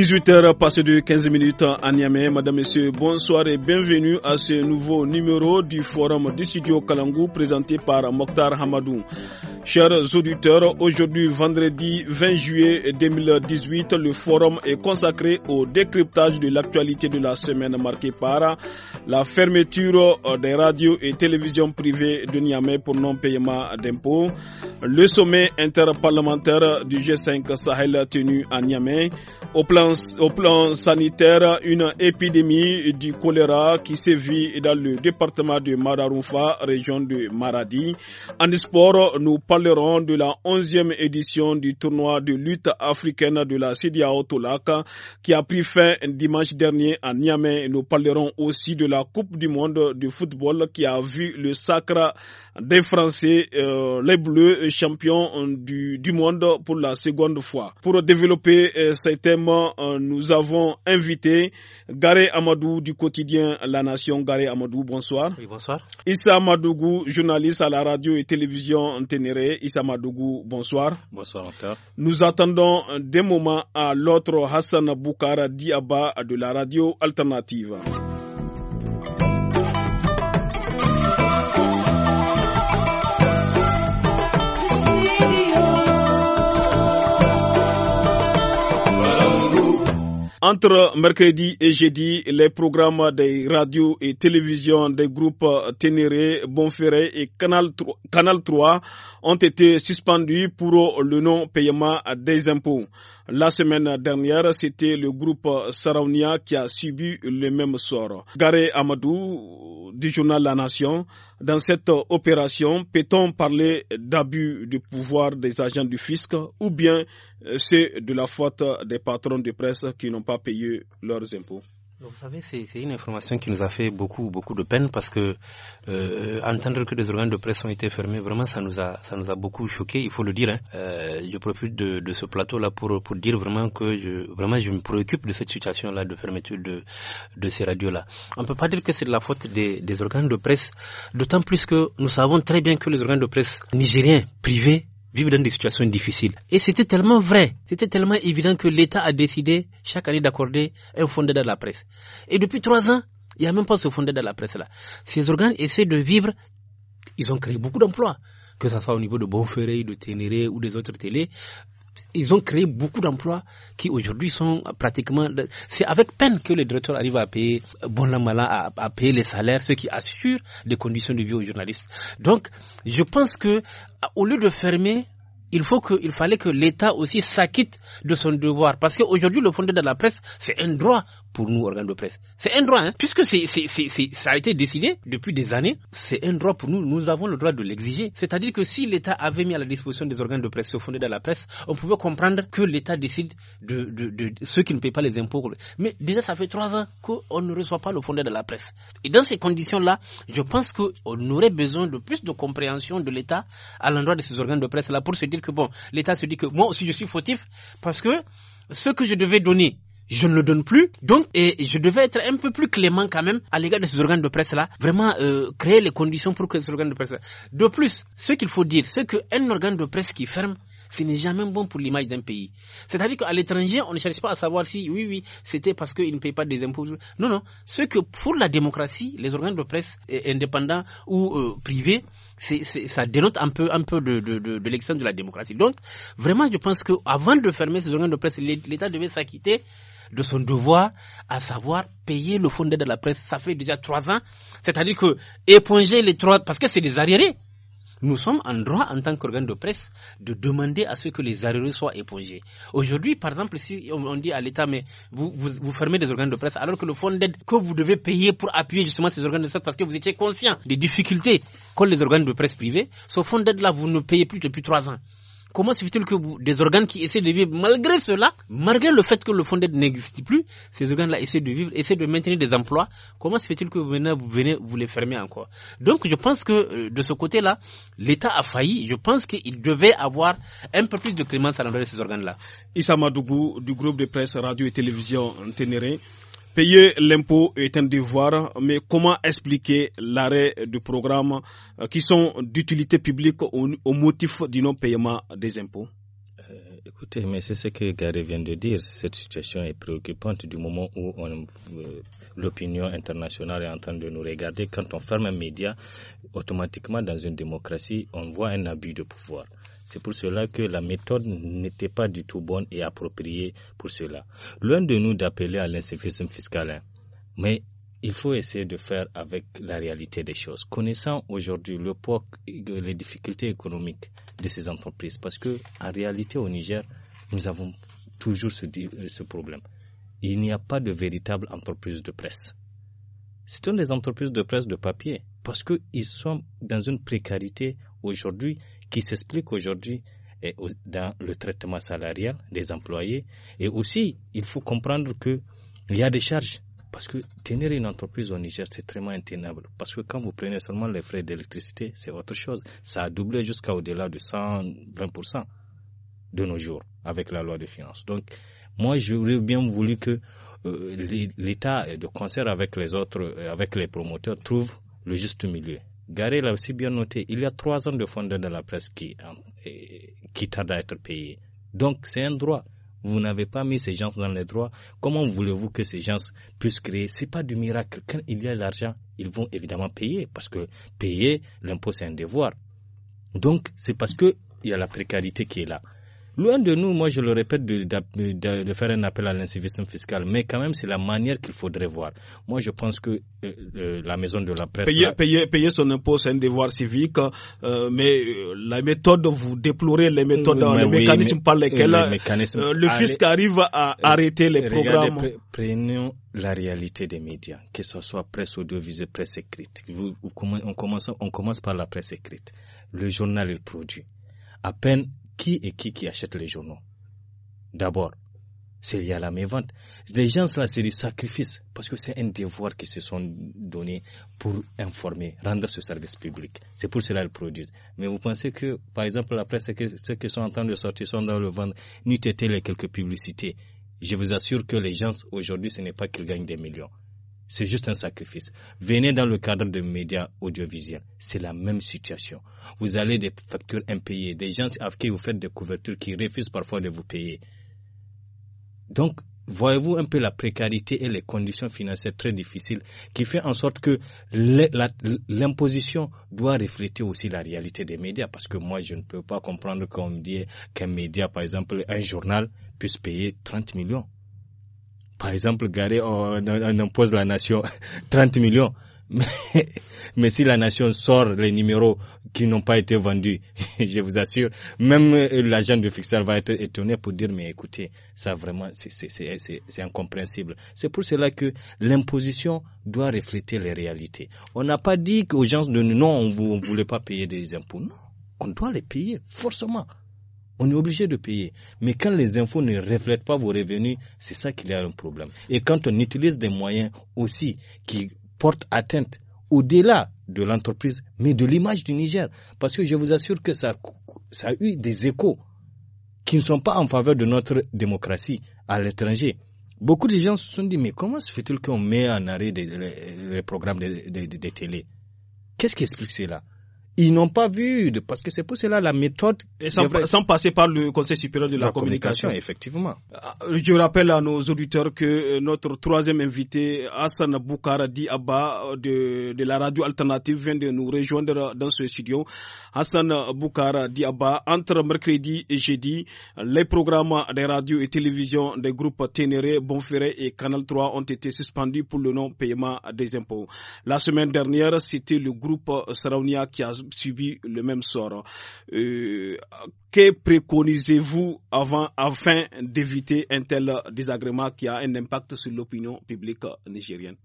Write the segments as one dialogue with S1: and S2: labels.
S1: 18h passé de 15 minutes à Niamey. Madame, Messieurs, bonsoir et bienvenue à ce nouveau numéro du Forum du studio Kalangou présenté par Mokhtar Hamadou. Chers auditeurs, aujourd'hui vendredi 20 juillet 2018, le forum est consacré au décryptage de l'actualité de la semaine marquée par la fermeture des radios et télévisions privées de Niamey pour non-paiement d'impôts, le sommet interparlementaire du G5 Sahel tenu à Niamey, au plan, sanitaire, une épidémie du choléra qui sévit dans le département de Mararoufa, région de Maradi. En sport, nous parlons parlerons de la 11e édition du tournoi de lutte africaine de la CDAO Tolaka qui a pris fin dimanche dernier à Niamey. Nous parlerons aussi de la Coupe du monde de football qui a vu le sacre des Français, euh, les Bleus, champions du, monde pour la seconde fois. Pour développer euh, ces thèmes, euh, nous avons invité Garé Amadou du quotidien La Nation. Garé Amadou, bonsoir. Oui, bonsoir. Issa Amadou, journaliste à la radio et télévision Ténéré Isamadougou, Issa bonsoir. Bonsoir Nous attendons des moments à l'autre Hassan Boukara Diaba de la radio alternative. Entre mercredi et jeudi, les programmes des radios et télévisions des groupes Ténéré, Bonferré et Canal 3, ont été suspendus pour le non-paiement des impôts. La semaine dernière, c'était le groupe Saraunia qui a subi le même sort. Garé Amadou du journal La Nation, dans cette opération, peut-on parler d'abus de pouvoir des agents du fisc ou bien c'est de la faute des patrons de presse qui n'ont pas payé leurs impôts
S2: vous savez, c'est une information qui nous a fait beaucoup, beaucoup de peine parce que euh, entendre que des organes de presse ont été fermés, vraiment, ça nous a, ça nous a beaucoup choqué. Il faut le dire. Hein. Euh, je profite de, ce plateau-là pour pour dire vraiment que je, vraiment, je me préoccupe de cette situation-là de fermeture de de ces radios-là. On peut pas dire que c'est de la faute des organes de presse, d'autant plus que nous savons très bien que les organes de presse nigériens privés vivre dans des situations difficiles. Et c'était tellement vrai, c'était tellement évident que l'État a décidé chaque année d'accorder un fondé de la presse. Et depuis trois ans, il n'y a même pas ce fondé de la presse-là. Ces organes essaient de vivre, ils ont créé beaucoup d'emplois, que ce soit au niveau de Bonferré, de Ténéré ou des autres télés ils ont créé beaucoup d'emplois qui aujourd'hui sont pratiquement. C'est avec peine que les directeurs arrivent à payer, bon à, payer les salaires, ce qui assure des conditions de vie aux journalistes. Donc, je pense que au lieu de fermer, il faut que, il fallait que l'État aussi s'acquitte de son devoir, parce qu'aujourd'hui le fondé de la presse, c'est un droit pour nous, organes de presse. C'est un droit, hein. puisque c'est, c'est, ça a été décidé depuis des années, c'est un droit pour nous, nous avons le droit de l'exiger. C'est-à-dire que si l'État avait mis à la disposition des organes de presse, ce fondés de la presse, on pouvait comprendre que l'État décide de, de, de, ceux qui ne paient pas les impôts. Mais déjà, ça fait trois ans qu'on ne reçoit pas le fondé de la presse. Et dans ces conditions-là, je pense qu'on aurait besoin de plus de compréhension de l'État à l'endroit de ces organes de presse-là pour se dire que, bon, l'État se dit que moi aussi je suis fautif parce que ce que je devais donner je ne le donne plus. Donc, et je devais être un peu plus clément quand même à l'égard de ces organes de presse-là. Vraiment, euh, créer les conditions pour que ces organes de presse-là. De plus, ce qu'il faut dire, c'est qu'un organe de presse qui ferme, ce n'est jamais bon pour l'image d'un pays. C'est-à-dire qu'à l'étranger, on ne cherche pas à savoir si, oui, oui, c'était parce qu'ils ne payent pas des impôts. Non, non. Ce que pour la démocratie, les organes de presse euh, indépendants ou euh, privés, ça dénote un peu, un peu de, de, de, de la démocratie. Donc, vraiment, je pense qu'avant de fermer ces organes de presse, l'État devait s'acquitter de son devoir, à savoir payer le fonds d'aide à la presse. Ça fait déjà trois ans. C'est-à-dire que éponger les trois, parce que c'est des arriérés. Nous sommes en droit, en tant qu'organes de presse, de demander à ce que les arrêts soient épongés. Aujourd'hui, par exemple, si on dit à l'État, mais vous, vous, vous, fermez des organes de presse, alors que le fonds d'aide que vous devez payer pour appuyer justement ces organes de presse, parce que vous étiez conscient des difficultés qu'ont les organes de presse privés, ce fonds d'aide-là, vous ne payez plus depuis trois ans. Comment se fait-il que des organes qui essaient de vivre, malgré cela, malgré le fait que le fond d'aide n'existe plus, ces organes-là essaient de vivre, essaient de maintenir des emplois, comment se fait-il que vous venez, vous venez, vous les fermez encore Donc je pense que euh, de ce côté-là, l'État a failli. Je pense qu'il devait avoir un peu plus de clémence à l'endroit de ces organes-là. Issa Madougou, du groupe de presse radio et
S1: télévision Ténéré. Payer l'impôt est un devoir, mais comment expliquer l'arrêt du programme euh, qui sont d'utilité publique au, motif du non-paiement des impôts
S3: euh, Écoutez, mais c'est ce que Gary vient de dire. Cette situation est préoccupante du moment où euh, l'opinion internationale est en train de nous regarder. Quand on ferme un média, automatiquement, dans une démocratie, on voit un abus de pouvoir. C'est pour cela que la méthode n'était pas du tout bonne et appropriée pour cela. Loin de nous d'appeler à l'insuffisance fiscale, hein. mais il faut essayer de faire avec la réalité des choses, connaissant aujourd'hui le poids, les difficultés économiques de ces entreprises, parce que en réalité au Niger, nous avons toujours ce, ce problème. Il n'y a pas de véritable entreprise de presse. C'est une des entreprises de presse de papier, parce qu'ils sont dans une précarité aujourd'hui qui s'explique aujourd'hui dans le traitement salarial des employés. Et aussi, il faut comprendre qu'il y a des charges. Parce que tenir une entreprise au Niger, c'est très intenable. Parce que quand vous prenez seulement les frais d'électricité, c'est autre chose. Ça a doublé jusqu'à au-delà de 120% de nos jours avec la loi des finances. Donc, moi, j'aurais bien voulu que euh, l'État, de concert avec les autres, euh, avec les promoteurs, trouve le juste milieu. Garel l'a aussi bien noté, il y a trois ans de fonds de la presse qui, euh, qui à être payé. Donc c'est un droit. Vous n'avez pas mis ces gens dans les droits. Comment voulez-vous que ces gens puissent créer n'est pas du miracle. Quand il y a l'argent, ils vont évidemment payer parce que payer l'impôt c'est un devoir. Donc c'est parce qu'il y a la précarité qui est là. Loin de nous, moi je le répète, de, faire un appel à l'incivisme fiscal, mais quand même c'est la manière qu'il faudrait voir. Moi je pense que euh, euh, la maison de la presse... Payer,
S1: payer, payer son impôt c'est un devoir civique, euh, mais la méthode, vous déplorez les méthodes, les mécanismes par lesquels le fisc arrive à arrêter les programmes. prenons
S3: la réalité des médias, que ce soit presse audiovisuelle, presse écrite. on, commence, on commence par la presse écrite. Le journal, il produit. À peine qui et qui qui achète les journaux D'abord, c'est lié à la mévente. Les gens, c'est du sacrifice parce que c'est un devoir qu'ils se sont donnés pour informer, rendre ce service public. C'est pour cela qu'ils produisent. Mais vous pensez que, par exemple, la presse, ceux qui sont en train de sortir sont dans le ventre, nuit été les quelques publicités. Je vous assure que les gens, aujourd'hui, ce n'est pas qu'ils gagnent des millions c'est juste un sacrifice. Venez dans le cadre des médias audiovisuels, c'est la même situation. Vous allez des factures impayées, des gens avec qui vous faites des couvertures qui refusent parfois de vous payer. Donc, voyez-vous un peu la précarité et les conditions financières très difficiles qui fait en sorte que l'imposition doit refléter aussi la réalité des médias parce que moi je ne peux pas comprendre qu'on me qu'un média par exemple un journal puisse payer 30 millions par exemple, gare, on, impose la nation 30 millions. Mais, si la nation sort les numéros qui n'ont pas été vendus, je vous assure, même euh, l'agent de fixer va être étonné pour dire mais écoutez, ça vraiment c'est incompréhensible. C'est pour cela que l'imposition doit refléter les réalités. On n'a pas dit aux gens de non, on ne voulait pas payer des impôts. Non, on doit les payer forcément on est obligé de payer. Mais quand les infos ne reflètent pas vos revenus, c'est ça qu'il y a un problème. Et quand on utilise des moyens aussi qui portent atteinte au-delà de l'entreprise, mais de l'image du Niger, parce que je vous assure que ça, a eu des échos qui ne sont pas en faveur de notre démocratie à l'étranger. Beaucoup de gens se sont dit, mais comment se fait-il qu'on met en arrêt les, programmes des télé
S1: Qu'est-ce qui explique cela ils n'ont pas vu, parce que c'est pour cela la méthode. sans, passer par le Conseil supérieur de la, communication, Effectivement. Ah, je rappelle à nos auditeurs que euh, notre troisième invité, Hassan Boukaradi Abba euh, de, de la radio alternative, vient de nous rejoindre euh, dans ce studio. Hassan Di Abba, entre mercredi et jeudi, les programmes des radios et télévisions des groupes Ténéré, Bonferré et Canal 3 ont été suspendus pour le non-paiement des impôts. La semaine dernière, c'était le groupe Saraunia qui a subi le même sort. Hein. Euh, que préconisez-vous avant, afin d'éviter un tel désagrément qui a un impact sur
S4: l'opinion publique nigérienne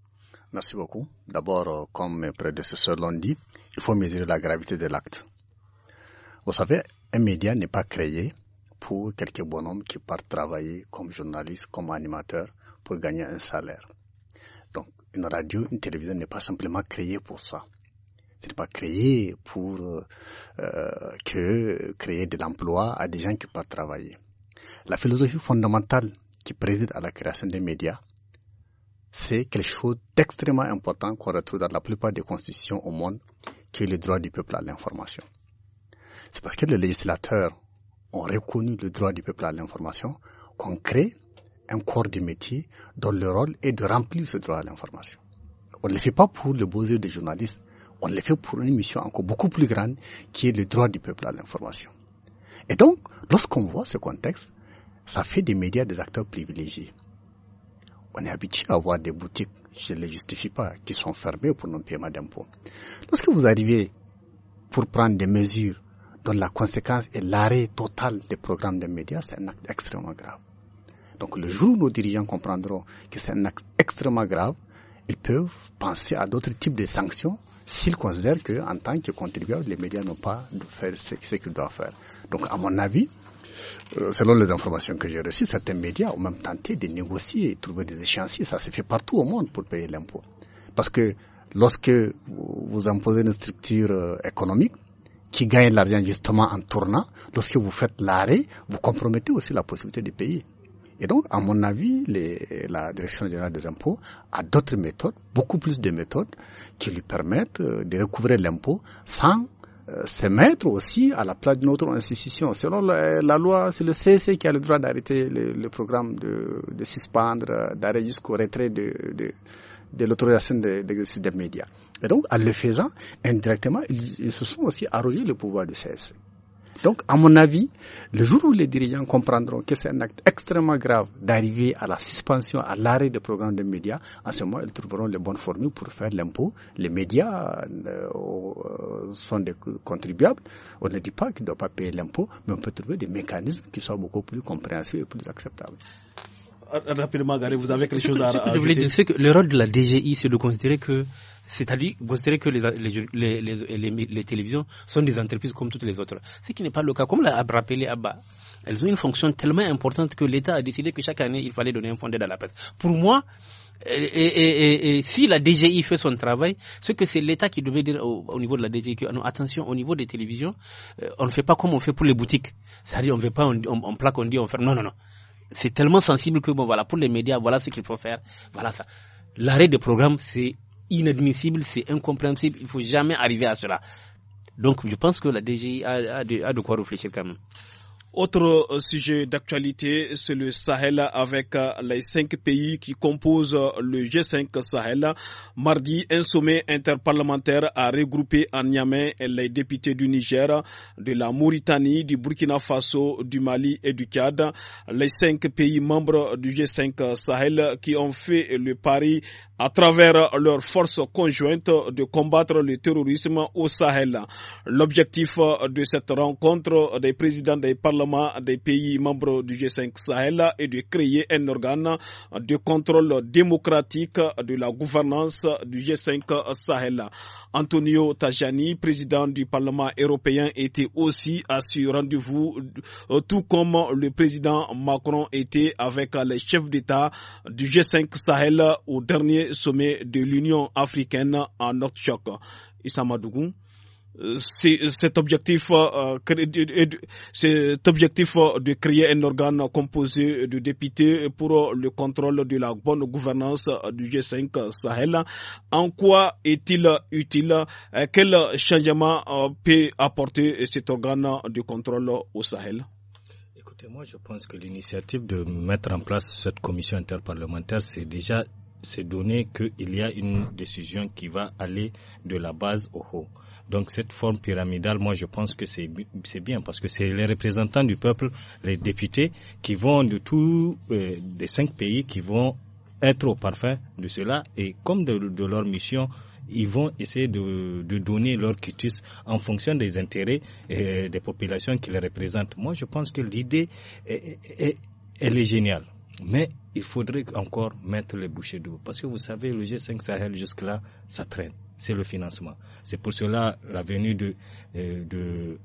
S4: Merci beaucoup. D'abord, euh, comme mes prédécesseurs l'ont dit, il faut mesurer la gravité de l'acte. Vous savez, un média n'est pas créé pour quelques bonhommes qui partent travailler comme journaliste, comme animateur, pour gagner un salaire. Donc, une radio, une télévision n'est pas simplement créée pour ça. Ce n'est pas créé pour euh, euh, créer de l'emploi à des gens qui peuvent travailler. La philosophie fondamentale qui préside à la création des médias, c'est quelque chose d'extrêmement important qu'on retrouve dans la plupart des constitutions au monde, qui est le droit du peuple à l'information. C'est parce que les législateurs ont reconnu le droit du peuple à l'information qu'on crée un corps de métier dont le rôle est de remplir ce droit à l'information. On ne le fait pas pour le beau jeu des journalistes on les fait pour une mission encore beaucoup plus grande qui est le droit du peuple à l'information. Et donc, lorsqu'on voit ce contexte, ça fait des médias des acteurs privilégiés. On est habitué à voir des boutiques, je ne les justifie pas, qui sont fermées pour non-paiement d'impôts. Lorsque vous arrivez pour prendre des mesures dont la conséquence est l'arrêt total des programmes de médias, c'est un acte extrêmement grave. Donc le jour où nos dirigeants comprendront que c'est un acte extrêmement grave, ils peuvent penser à d'autres types de sanctions s'ils considèrent qu'en tant que contribuables, les médias n'ont pas de faire ce, qu'ils doivent faire. Donc, à mon avis, euh, selon les informations que j'ai reçues, certains médias ont même tenté de négocier et trouver des échéanciers. Ça se fait partout au monde pour payer l'impôt. Parce que lorsque vous imposez une structure euh, économique, qui gagne de l'argent justement en tournant, lorsque vous faites l'arrêt, vous compromettez aussi la possibilité de payer. Et donc, à mon avis, la Direction générale des impôts a d'autres méthodes, beaucoup plus de méthodes, qui lui permettent euh, de recouvrer l'impôt sans euh, se mettre aussi à la place d'une autre institution. Selon la, loi, c'est le CSE qui a le droit d'arrêter le, programme, de, de suspendre, euh, d'arrêter jusqu'au retrait de, l'autorisation d'exercice des médias. Et donc, en le faisant, indirectement, ils, se sont aussi arrogés le pouvoir du CSE. Donc, à mon avis, le jour où les dirigeants comprendront que c'est un acte extrêmement grave d'arriver à la suspension, à l'arrêt des programmes de médias, en ce moment, ils trouveront les bonnes formules pour faire l'impôt. Les médias euh, euh, sont des contribuables. On ne dit pas qu'ils ne doivent pas payer l'impôt, mais on peut trouver des mécanismes qui soient beaucoup plus compréhensifs et plus acceptables. Euh, euh, rapidement, Gary, vous avez quelque chose à, que
S2: dire, que le rôle de la DGI, c'est de considérer que, c'est-à-dire considérer que les, les, les, les, télévisions sont des entreprises comme toutes les autres. Ce qui n'est pas le cas. Comme l'a rappelé Abba, elles ont une fonction tellement importante que l'État a décidé que chaque année, il fallait donner un fondé d'aide à la presse. Pour moi, et, si la DGI fait son travail, ce que c'est l'État qui devait dire au, niveau de la DGI, que, attention, au niveau des télévisions, euh, on ne fait pas comme on fait pour les boutiques. C'est-à-dire, on ne veut pas, on, on, plaque, on dit, on ferme. Non, non, non c'est tellement sensible que bon voilà pour les médias voilà ce qu'il faut faire voilà ça l'arrêt de programme, c'est inadmissible c'est incompréhensible il ne faut jamais arriver à cela donc je pense que la DGI a de quoi réfléchir quand même
S1: autre euh, sujet d'actualité, c'est le Sahel avec euh, les cinq pays qui composent euh, le G5 Sahel. Mardi, un sommet interparlementaire a regroupé en Niamey les députés du Niger, de la Mauritanie, du Burkina Faso, du Mali et du Tchad. Les cinq pays membres du G5 Sahel qui ont fait le pari à travers leurs forces conjointes de combattre le terrorisme au Sahel. L'objectif de cette rencontre des présidents des parlements des pays membres du G5 Sahel et de créer un organe de contrôle démocratique de la gouvernance du G5 Sahel. Antonio Tajani, président du Parlement européen, était aussi à ce rendez-vous, euh, tout comme le président Macron était avec les chefs d'État du G5 Sahel au dernier sommet de l'Union africaine en Nord-Choc cet objectif, euh, objectif euh, de créer un organe composé de députés pour le contrôle de la bonne gouvernance euh, du G5 Sahel. En quoi est-il utile Quel changement peut apporter cet organe de contrôle au Sahel
S3: Écoutez, moi je pense que l'initiative de mettre en place cette commission interparlementaire, c'est déjà c'est donné qu'il y a une décision qui va aller de la base au haut. Donc cette forme pyramidale, moi je pense que c'est bien parce que c'est les représentants du peuple, les députés qui vont de tous euh, des cinq pays qui vont être au parfum de cela et comme de, leur mission, ils vont essayer de, de, donner leur quitus en fonction des intérêts et des populations qui les représentent. Moi, je pense que l'idée, est, elle est géniale. Mais il faudrait encore mettre les bouchées d'eau. Parce que vous savez, le G5 Sahel, jusque-là, ça traîne c'est le financement. C'est pour cela la venue de, euh,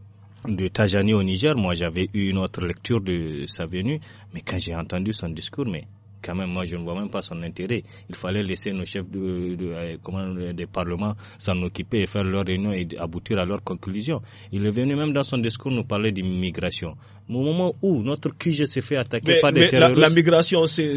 S3: de, Tajani au Niger. Moi, j'avais eu une autre lecture de sa venue, mais quand j'ai entendu son discours, mais quand même, moi, je ne vois même pas son intérêt. Il fallait laisser nos chefs de, euh, euh, des parlements s'en occuper et faire leur réunion et aboutir à leur conclusion. Il est venu même dans son discours nous parler d'immigration. Au moment où notre QG s'est fait attaquer par des terroristes. La, la migration, c'est,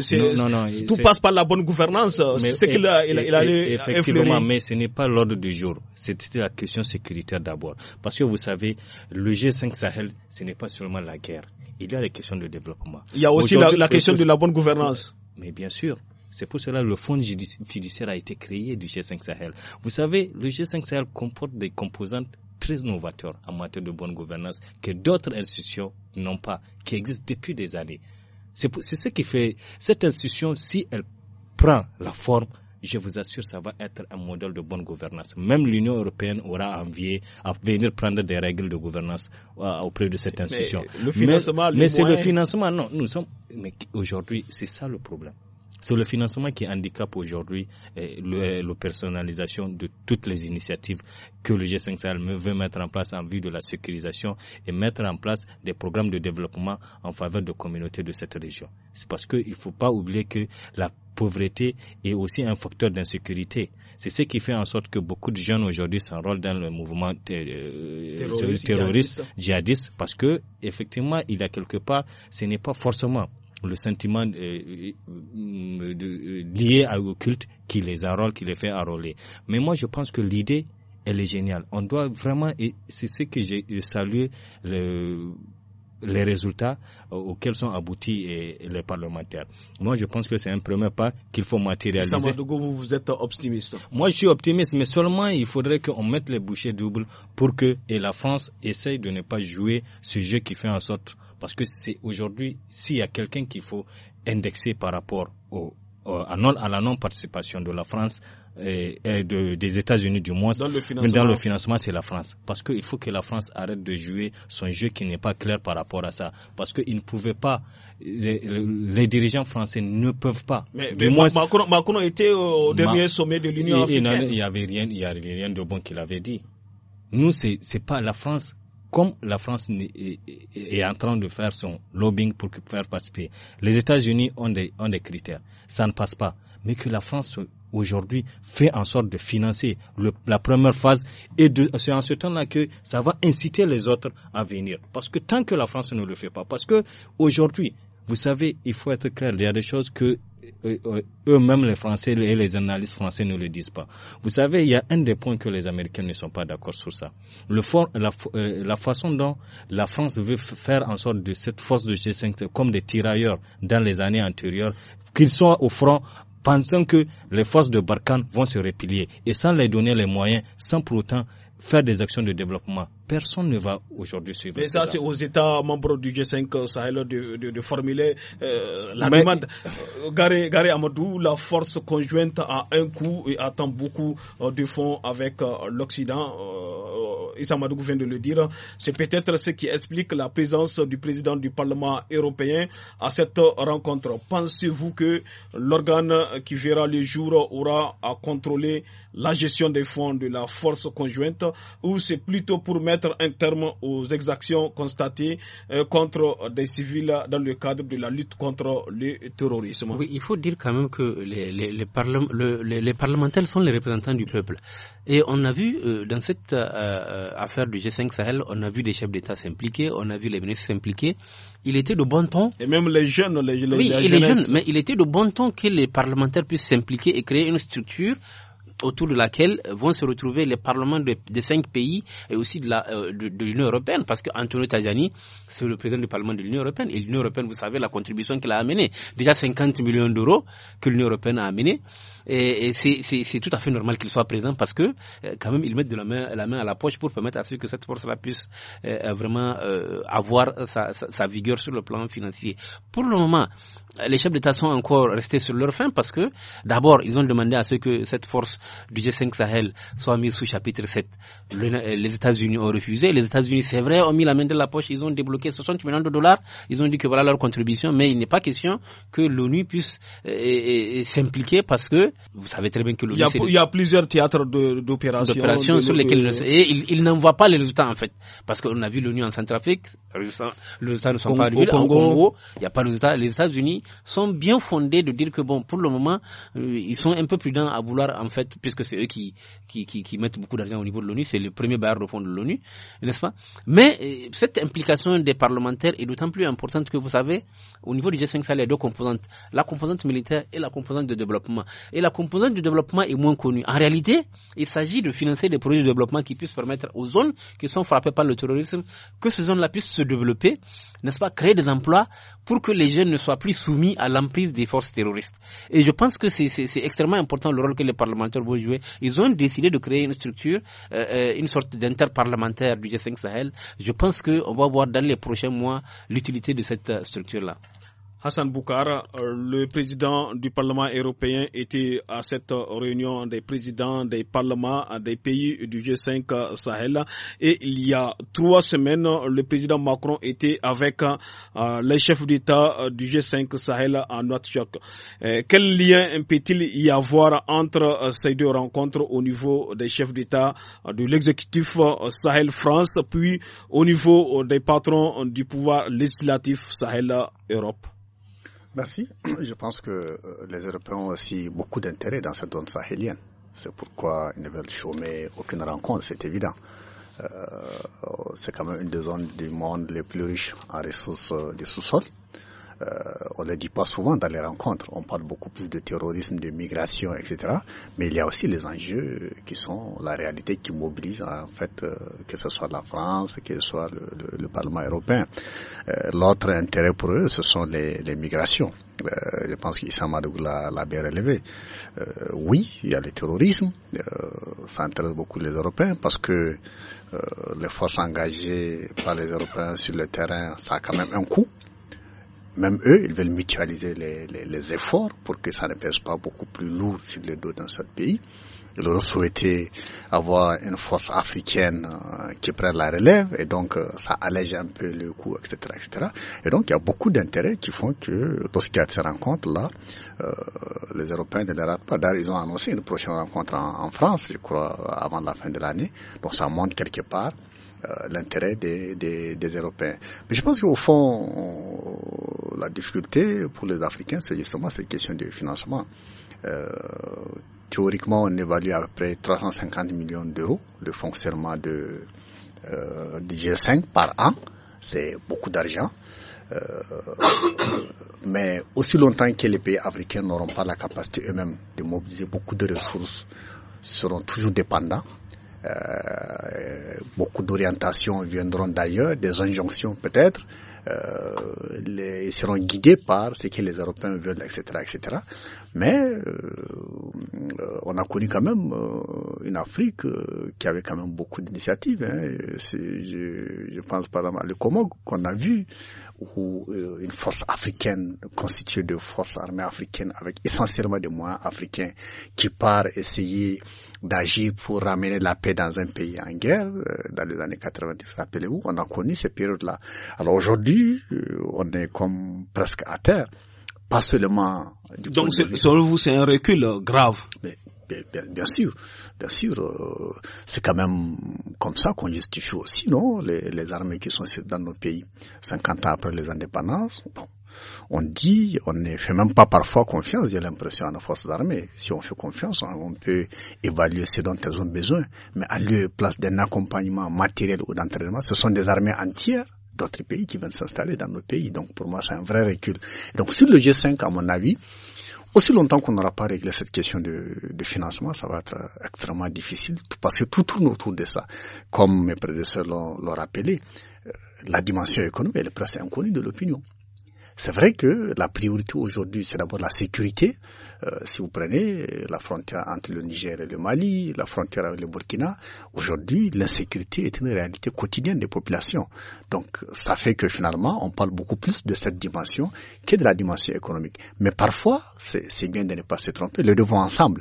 S3: tout passe
S1: par la bonne gouvernance. C'est qu'il a, Effectivement,
S3: mais ce n'est pas l'ordre du jour. C'était la question sécuritaire d'abord. Parce que vous savez, le G5 Sahel, ce n'est pas seulement la guerre. Il y a les questions de développement. Il y a aussi la, question de la bonne gouvernance. Mais bien sûr, c'est pour cela que le fonds judiciaire a été créé du G5 Sahel. Vous savez, le G5 Sahel comporte des composantes très novateurs en matière de bonne gouvernance que d'autres institutions n'ont pas, qui existent depuis des années. C'est ce qui fait cette institution, si elle prend la forme je vous assure, ça va être un modèle de bonne gouvernance. Même l'Union européenne aura envie à venir prendre des règles de gouvernance euh, auprès de cette institution. Mais, c'est le financement. Non, nous sommes. Mais aujourd'hui, c'est ça le problème. C'est le financement qui handicap aujourd'hui eh, la eh, personnalisation de toutes les initiatives que le G5 Sahel veut mettre en place en vue de la sécurisation et mettre en place des programmes de développement en faveur de communautés de cette région. C'est parce qu'il ne faut pas oublier que la pauvreté est aussi un facteur d'insécurité. C'est ce qui fait en sorte que beaucoup de jeunes aujourd'hui s'enrôlent dans le mouvement euh, terroriste, djihadiste, parce que effectivement, il y a quelque part, ce n'est pas forcément le sentiment euh, euh, euh, lié au culte qui les enrôle, qui les fait enrôler. Mais moi, je pense que l'idée, elle est géniale. On doit vraiment, et c'est ce que j'ai salué le les résultats euh, auxquels sont aboutis euh, les parlementaires. Moi, je pense que c'est un premier pas qu'il faut matérialiser. Samadougou,
S1: vous, vous êtes optimiste.
S3: Moi, je suis optimiste, mais seulement il faudrait qu'on mette les bouchées doubles pour que et la France essaye de ne pas jouer ce jeu qui fait en sorte. Parce que c'est aujourd'hui, s'il y a quelqu'un qu'il faut indexer par rapport au, à la non-participation de la France des États-Unis du moins, dans le financement, dans le financement c'est la France. Parce qu'il faut que la France arrête de jouer son jeu qui n'est pas clair par rapport à ça. Parce qu'ils ne pouvaient pas, les, dirigeants français ne peuvent pas. Mais,
S1: Macron, était au dernier sommet de l'Union africaine. Il n'y avait, rien, il n'y avait rien
S3: de bon qu'il avait dit. Nous, c'est n'est pas la France comme la France est en train de faire son lobbying pour faire participer, les États-Unis ont des, ont des critères. Ça ne passe pas mais que la France aujourd'hui fait en sorte de financer la première phase et c'est en ce temps-là que ça va inciter les autres à venir. Parce que tant que la France ne le fait pas, parce que aujourd'hui, vous savez, il faut être clair, il y a des choses que euh, euh, eux-mêmes les Français et les analystes français ne le disent pas. Vous savez, il y a un des points que les Américains ne sont pas d'accord sur ça. Euh, la, façon dont la France veut faire en sorte de cette force de G5 comme des tirailleurs dans les années antérieures, qu'ils soient au front pensant que les forces de Barkhane vont se replier et sans les donner les moyens, sans pour autant faire des actions de développement. Personne ne va aujourd'hui suivre. Et ça, c'est aux
S1: États membres du G5 Sahel euh, de, formuler euh, la demande. Euh, Garé, Amadou, la force conjointe a un coup et attend beaucoup de fonds avec l'Occident vient de le dire, c'est peut-être ce qui explique la présence du président du Parlement européen à cette rencontre. Pensez-vous que l'organe qui verra le jour aura à contrôler la gestion des fonds de la force conjointe ou c'est plutôt pour mettre un terme aux exactions constatées euh, contre des civils dans le cadre de la lutte contre le terrorisme Oui, il faut dire
S2: quand même que les, les, les, parlementaires sont les représentants du peuple. Et on a vu euh, dans cette euh, affaire du G5 Sahel, on a vu des chefs d'État s'impliquer, on a vu les ministres s'impliquer. Il était de bon ton. Et même les jeunes, les, oui, les jeunes, mais il était de bon ton que les parlementaires puissent s'impliquer et créer une structure autour de laquelle vont se retrouver les parlements des cinq pays et aussi euh, de l'Union européenne, parce que Antonio Tajani, c'est le président du Parlement de l'Union européenne, et l'Union européenne, vous savez, la contribution qu'il a amenée, déjà 50 millions d'euros que l'Union européenne a amené, et, c'est tout à fait normal qu'il soit présent, parce que euh, quand même, ils mettent de la main, la main à la poche pour permettre à ce que cette force-là puisse euh, vraiment avoir sa, vigueur sur le plan financier. Pour le moment, les chefs d'État sont encore restés sur leur fin parce que d'abord, ils ont demandé à ce que cette force du G5 Sahel soit mis sous chapitre 7. les États-Unis ont refusé. Les États-Unis, c'est vrai, ont mis la main dans la poche. Ils ont débloqué 60 millions de dollars. Ils ont dit que voilà leur contribution. Mais il n'est pas question que l'ONU puisse euh, s'impliquer parce que vous savez très bien que l'ONU... Il, y
S1: a plusieurs théâtres d'opérations sur lesquels...
S2: Et ils, n'envoient pas les résultats, en fait. Parce qu'on a vu l'ONU en Centrafrique. Les résultats ne sont pas arrivés. Au Congo, il n'y a pas de résultats. Les États-Unis sont bien fondés de dire que, bon, pour le moment, euh, ils sont un peu prudents à vouloir, en fait, puisque c'est eux qui, qui, qui, qui, mettent beaucoup d'argent au niveau de l'ONU, c'est le premier bailleur de fond de l'ONU, n'est-ce pas Mais euh, cette implication des parlementaires est d'autant plus importante que vous savez, au niveau du G5 Sahel, il y a deux composantes, la composante militaire et la composante de développement. Et la composante de développement est moins connue. En réalité, il s'agit de financer des projets de développement qui puissent permettre aux zones qui sont frappées par le terrorisme que ces zones-là puissent se développer, n'est-ce pas, créer des emplois pour que les jeunes ne soient plus soumis à l'emprise des forces terroristes. Et je pense que c'est extrêmement important le rôle que les parlementaires ils ont décidé de créer une structure, euh, euh, une sorte d'interparlementaire du G5 Sahel. Je pense qu'on va voir dans les prochains mois l'utilité de cette euh, structure-là.
S1: Hassan Boukar, euh, le président du Parlement européen, était à cette réunion des présidents des parlements des pays du G5 euh, Sahel. Et il y a trois semaines, le président Macron était avec euh, les chefs d'État du G5 Sahel à Nouakchott. Quel lien peut-il y avoir entre ces deux rencontres au niveau des chefs d'État de l'exécutif Sahel France, puis au niveau des patrons du
S4: pouvoir législatif Sahel Europe? Merci. Je pense que euh, les Européens ont aussi beaucoup d'intérêt dans cette zone sahélienne. C'est pourquoi ils ne veulent chômer aucune rencontre, c'est évident. Euh, c'est quand même une des zones du monde les plus riches en ressources euh, du sous-sol. Euh, on ne le dit pas souvent dans les rencontres. On parle beaucoup plus de terrorisme, de migration, etc. Mais il y a aussi les enjeux qui sont la réalité qui mobilise en fait euh, que ce soit la France, que ce soit le, Parlement européen. Euh, l'autre intérêt pour eux, ce sont les, migrations. je pense qu'Issam Adougou l'a bien relevé. oui, il y a le terrorisme. ça intéresse beaucoup les Européens parce que les forces engagées par les Européens sur le terrain, ça a quand même un coût même eux, ils veulent mutualiser les, les, les, efforts pour que ça ne pèse pas beaucoup plus lourd sur les dos dans seul pays. Ils auraient souhaité avoir une force africaine euh, qui prenne la relève et donc euh, ça allège un peu le coût, etc., etc. Et donc il y a beaucoup d'intérêts qui font que lorsqu'il y a ces rencontres là, euh, les Européens ne les ratent pas. D'ailleurs, ils ont annoncé une prochaine rencontre en, France, je crois, avant la fin de l'année. Donc ça montre quelque part euh, l'intérêt des, des, des, Européens. Mais je pense qu'au fond, la difficulté pour les Africains, c'est justement cette question du financement. Euh, théoriquement, on évalue à peu près 350 millions d'euros le fonctionnement de, euh, du G5 par an. C'est beaucoup d'argent. Euh, mais aussi longtemps que les pays africains n'auront pas la capacité eux-mêmes de mobiliser beaucoup de ressources, seront toujours dépendants beaucoup d'orientations viendront d'ailleurs, des injonctions peut-être, euh, ils seront guidés par ce que les Européens veulent, etc., etc. Mais euh, euh, on a connu quand même euh, une Afrique euh, qui avait quand même beaucoup d'initiatives. Hein. Je, je, pense par exemple à le Comog qu'on a vu, où une force africaine constituée de forces armées africaines avec essentiellement des moyens africains qui part essayer d'agir pour ramener la paix dans un pays en guerre. Euh, dans les années 90, rappelez-vous, on a connu ces périodes-là. Alors aujourd'hui, euh, on est comme presque à terre. Pas seulement... Donc, selon vous, c'est un recul euh, grave. Mais, Bien, sûr, bien sûr, c'est quand même comme ça qu'on justifie aussi, non, les, les, armées qui sont dans nos pays. 50 ans après les indépendances, bon, on dit, on ne fait même pas parfois confiance, j'ai l'impression, à nos forces armées. Si on fait confiance, on peut évaluer ce dont elles ont besoin. Mais à lieu place d'un accompagnement matériel ou d'entraînement, ce sont des armées entières d'autres pays qui viennent s'installer dans nos pays. Donc pour moi, c'est un vrai recul. Donc sur le G5, à mon avis, aussi longtemps qu'on n'aura pas réglé cette question de, financement, ça va être extrêmement difficile parce que tout tourne autour de ça. Comme mes prédécesseurs l'ont rappelé, euh, la dimension économique est presque inconnue de l'opinion. C'est vrai que la priorité aujourd'hui, c'est d'abord la sécurité. Euh, si vous prenez euh, la frontière entre le Niger et le Mali, la frontière avec le Burkina, aujourd'hui, l'insécurité est une réalité quotidienne des populations. Donc, ça fait que finalement, on parle beaucoup plus de cette dimension que de la dimension économique. Mais parfois, c'est bien de ne pas se tromper. Le devons ensemble.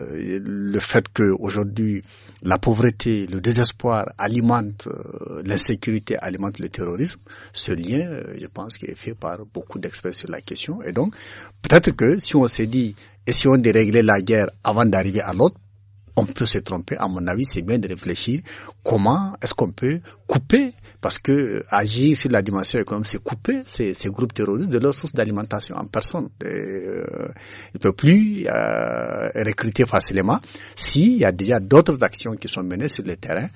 S4: Euh, le fait qu'aujourd'hui, la pauvreté, le désespoir alimentent euh, l'insécurité, alimentent le terrorisme. Ce lien, euh, je pense, qu'il est fait par beaucoup d'experts sur la question. Et donc, peut-être que si on s'est dit, et essayons de régler la guerre avant d'arriver à l'autre, on peut se tromper. À mon avis, c'est bien de réfléchir comment est-ce qu'on peut couper parce que euh, agir sur la dimension économique, c'est couper ces, groupes terroristes de leur source d'alimentation en personne. Euh, ils ne peuvent plus euh, recruter facilement s'il y a déjà d'autres actions qui sont menées sur le terrain,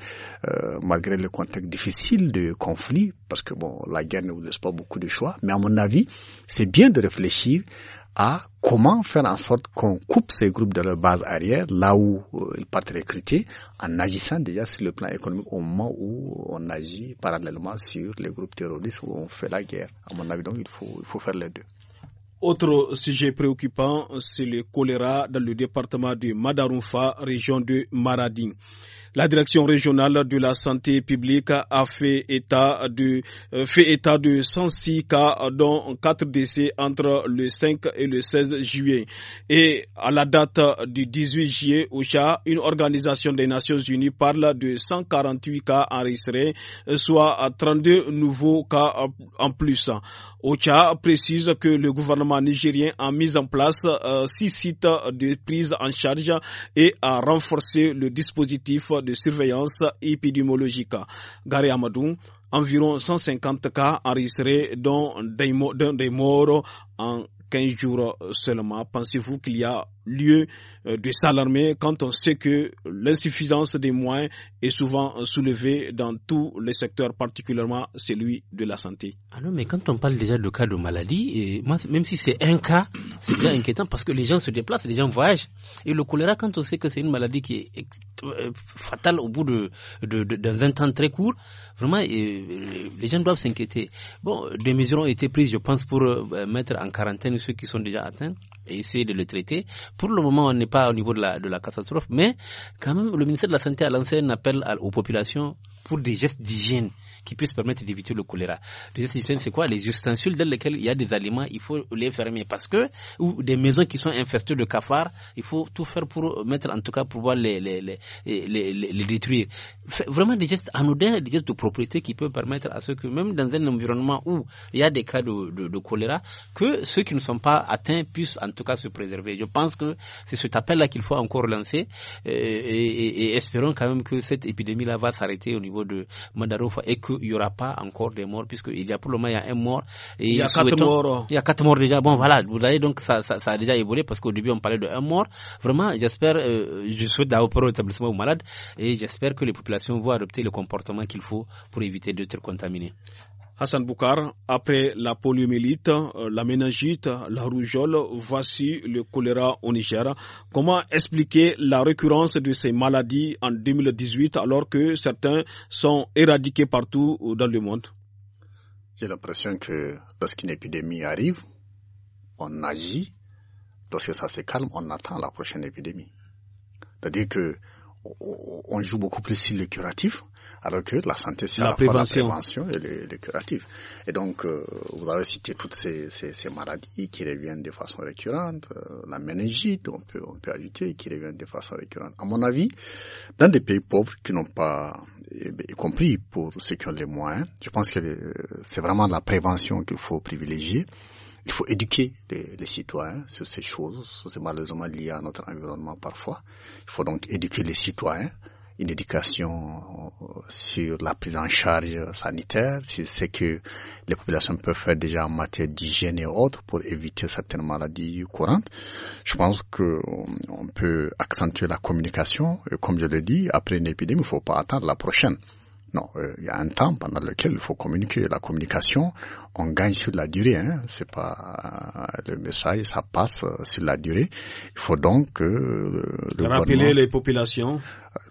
S4: euh, malgré le contexte difficile de conflit, parce que bon, la guerre ne vous laisse pas beaucoup de choix. Mais à mon avis, c'est bien de réfléchir à comment faire en sorte qu'on coupe ces groupes de leur base arrière, là où euh, ils partent recruter, en agissant déjà sur le plan économique au moment où on agit parallèlement sur les groupes terroristes où on fait la guerre. À mon avis, donc, il faut, il faut faire les deux.
S1: Autre sujet préoccupant, c'est le choléra dans le département de Madaroufa, région de Maradine la direction régionale de la santé publique a fait état de, euh, fait état de 106 cas, euh, dont 4 décès entre le 5 et le 16 juillet. Et à la date du 18 juillet, OCHA, une organisation des Nations Unies, parle de 148 cas enregistrés, euh, soit 32 nouveaux cas en plus. OCHA précise que le gouvernement nigérien a mis en place six sites de prise en charge et a renforcé le dispositif de surveillance épidémiologique. Gary Amadou, environ 150 cas enregistrés, dont des morts en 15 jours seulement. Pensez-vous qu'il y a lieu euh, de s'alarmer quand on sait que l'insuffisance des moyens est souvent soulevée dans tous les secteurs, particulièrement celui de la santé.
S2: Ah non, mais quand on parle déjà de cas de maladie, et même si c'est un cas, c'est déjà inquiétant parce que les gens se déplacent, les gens voyagent. Et le choléra, quand on sait que c'est une maladie qui est euh, fatale au bout de, de, 20 ans très court, vraiment, euh, les gens doivent s'inquiéter. Bon, des mesures ont été prises, je pense, pour mettre en quarantaine ceux qui sont déjà atteints et essayer de le traiter. Pour le moment, on n'est pas au niveau de la, de la catastrophe, mais quand même, le ministère de la Santé a lancé un appel à, aux populations pour des gestes d'hygiène qui puissent permettre d'éviter le choléra. Les gestes d'hygiène, c'est quoi Les ustensiles dans lesquels il y a des aliments, il faut les fermer parce que, ou des maisons qui sont infestées de cafards, il faut tout faire pour mettre, en tout cas, pour pouvoir les, les, les, les, détruire. Vraiment des gestes anodins, des gestes de propriété qui peuvent permettre à ceux que, même dans un environnement où il y a des cas de, de, de choléra, que ceux qui ne sont pas atteints puissent, en en tout cas se préserver. Je pense que c'est cet appel-là qu'il faut encore lancer euh, et, espérons quand même que cette épidémie-là va s'arrêter au niveau de Mandarofa et qu'il n'y aura pas encore des morts, puisqu'il y a pour le moment il y a un mort. Et il y a quatre morts. Il y a quatre morts déjà. Bon, voilà, vous voyez, donc ça, a déjà évolué parce qu'au début on parlait de un mort. Vraiment, j'espère, euh, je souhaite d'avoir au établissement aux malades et j'espère que les populations vont adopter le comportement qu'il faut pour éviter d'être contaminées. Hassan
S1: Boukar, après la poliomyélite, euh, la méningite, la rougeole, voici le choléra au Niger. Comment expliquer la récurrence de ces maladies en 2018 alors que certains sont éradiqués partout dans le monde J'ai
S4: l'impression que lorsqu'une épidémie arrive, on agit. Lorsque ça se calme, on attend la prochaine épidémie. C'est-à-dire que on joue beaucoup plus sur le curatif, alors que la santé, c'est la, prévention. et le, curatif. Et donc, euh, vous avez cité toutes ces, maladies qui reviennent de façon récurrente, euh, la méningite, on peut, on peut ajouter, qui reviennent de façon récurrente. À mon avis, dans des pays pauvres qui n'ont pas, y compris pour ceux qui ont les moyens, je pense que euh, c'est vraiment la prévention qu'il faut privilégier il faut éduquer les, citoyens sur ces choses. C'est malheureusement liés à notre environnement parfois. Il faut donc éduquer les citoyens. Une éducation euh, sur la prise en charge sanitaire, sur ce que les populations peuvent faire déjà en matière d'hygiène et autres pour éviter certaines maladies courantes. Je pense qu'on euh, peut accentuer la communication. Et comme je l'ai dit, après une épidémie, il ne faut pas attendre la prochaine. Non, euh, il y a un temps pendant lequel il faut communiquer. La communication, on gagne sur la durée. Hein. C'est pas euh, le message, ça passe euh, sur la durée. Il faut donc le rappeler les
S1: populations.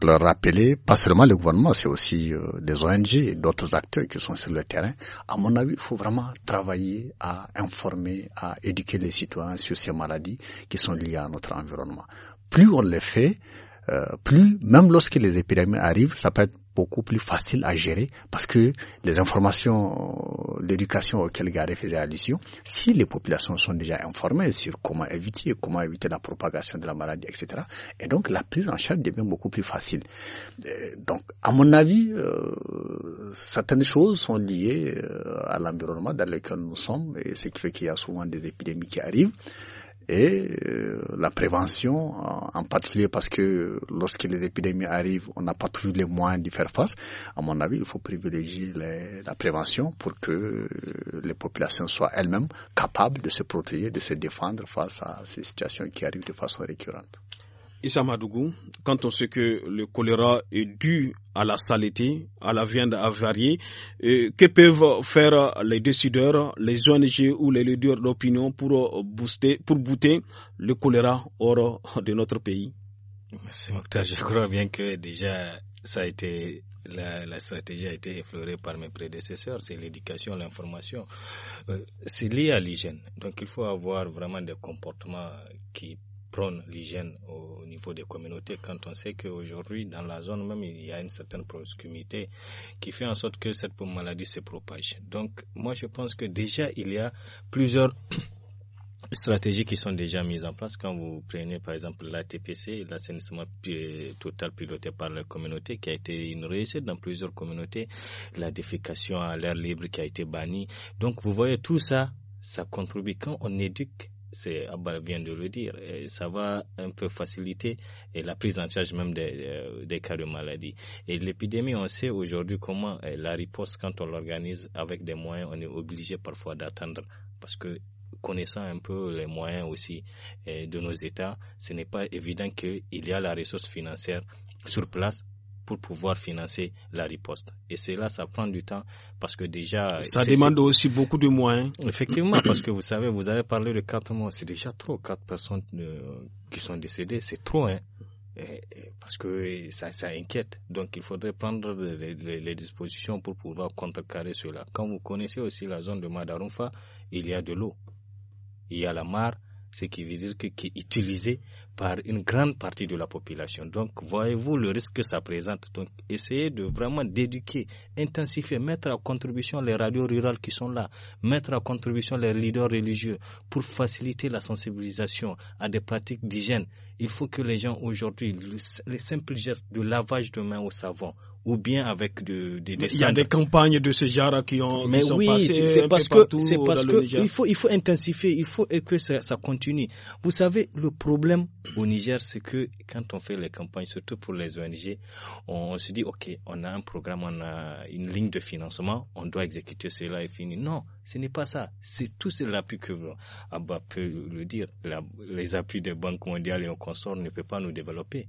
S4: Le rappeler, pas seulement le gouvernement, c'est aussi des ONG, et d'autres acteurs qui sont sur le terrain. À mon avis, il faut vraiment travailler à informer, à éduquer les citoyens sur ces maladies qui sont liées à notre environnement. Plus on les fait, euh, plus, même lorsque les épidémies arrivent, ça peut être beaucoup plus facile à gérer parce que les informations, euh, l'éducation auxquelles Gary faisait allusion, si les populations sont déjà informées sur comment éviter, comment éviter la propagation de la maladie, etc., et donc la prise en charge devient beaucoup plus facile. Euh, donc, à mon avis, certaines choses sont liées à l'environnement dans lequel nous sommes et ce qui fait qu'il y a souvent des épidémies qui arrivent et euh, la prévention, en particulier parce que lorsque les épidémies arrivent, on n'a pas toujours les moyens d'y faire face. À mon avis, il faut privilégier la prévention pour que euh, les populations soient elles-mêmes capables de se protéger, de se défendre face à ces situations qui arrivent de façon récurrente.
S1: Issa quand on sait que le choléra est dû à la saleté, à la viande avariée, euh, que peuvent faire les décideurs, les ONG ou les leaders d'opinion pour euh, booster, pour bouter le choléra hors de notre pays
S3: Merci Mokhtar, je crois bien que déjà ça a été la, la, stratégie a été effleurée par mes prédécesseurs, c'est l'éducation, l'information. Euh, c'est lié à l'hygiène. Donc il faut avoir vraiment des comportements qui prône l'hygiène au niveau des communautés quand on sait qu'aujourd'hui, dans la zone même, il y a une certaine proximité qui fait en sorte que cette maladie se propage. Donc, moi, je pense que déjà, il y a plusieurs stratégies qui sont déjà mises en place. Quand vous prenez par exemple la TPC, l'assainissement total piloté par la communauté, qui a été une réussite dans plusieurs communautés, la défécation à l'air libre qui a été bannie. Donc vous voyez tout ça, ça contribue quand on éduque c'est Abba ah vient de le dire, ça va un peu faciliter la prise en charge même des, euh, des cas de maladie. Et l'épidémie, on sait aujourd'hui comment la riposte, quand on l'organise avec des moyens, on est obligé parfois d'attendre parce que connaissant un peu les moyens aussi de nos États, ce n'est pas évident qu'il y a la ressource financière sur place pour pouvoir financer la riposte. Et cela, ça prend du temps parce que déjà... Ça demande aussi beaucoup de moyens. Effectivement, parce que vous savez, vous avez parlé de quatre mois, c'est déjà trop. Quatre personnes euh, qui sont décédées, c'est trop, hein parce que ça, inquiète. Donc il faudrait prendre les, dispositions pour pouvoir contrecarrer cela. Quand vous connaissez aussi la zone de Madarumfa, il y a de l'eau, il y a la mare, ce qui veut dire que est utilisé par une grande partie de la population. Donc, voyez-vous le risque que ça présente. Donc, essayez de vraiment d'éduquer, intensifier, mettre à contribution les radios rurales qui sont là, mettre à contribution les leaders religieux pour faciliter la sensibilisation à des pratiques d'hygiène. Il faut que les gens aujourd'hui, le, les simples gestes de lavage de mains au
S1: savon ou bien avec de, de, des Il y a des campagnes de ce genre qui ont Mais oui, c'est
S3: parce que c'est parce que il faut il faut intensifier, il faut que ça, ça continue. Vous savez, le problème au Niger, c'est que quand on fait les campagnes, surtout pour les ONG, on, se dit ok, on a un programme, on a une ligne de financement, on doit exécuter cela et fini. Non, ce n'est pas ça. C'est tout l'appui que Abba peut le dire. les appuis des banques mondiales et au consort ne peut pas nous développer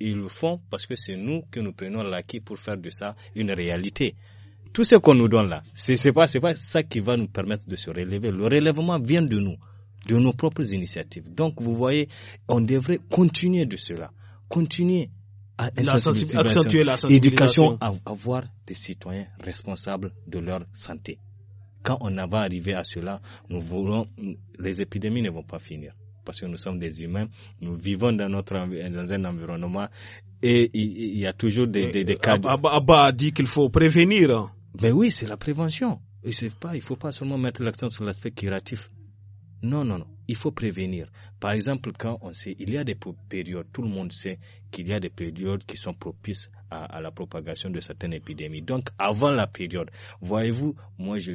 S3: ils le font parce que c'est nous que nous prenons l'acquis pour faire de ça une réalité. Tout ce qu'on nous donne là, c'est pas, pas ça qui va nous permettre de se relever. Le relèvement vient de nous, de nos propres initiatives. Donc, vous voyez, on devrait continuer de cela. Continuer à accentuer la à avoir des citoyens responsables de leur santé. Quand on va arriver à cela, nous voulons, les épidémies ne vont pas finir parce que nous sommes des humains, nous vivons dans notre dans un environnement et il y, a toujours des, des, cas. Euh, Abba, dit qu'il faut prévenir. Mais ben oui, c'est la prévention. Et pas, il ne faut pas seulement mettre l'accent sur l'aspect curatif. Non, non, non. Il faut prévenir. Par exemple, quand on sait, il y a des périodes, tout le monde sait qu'il y a des périodes qui sont propices à, la propagation de certaines épidémies. Donc, avant la période, voyez-vous, moi, je,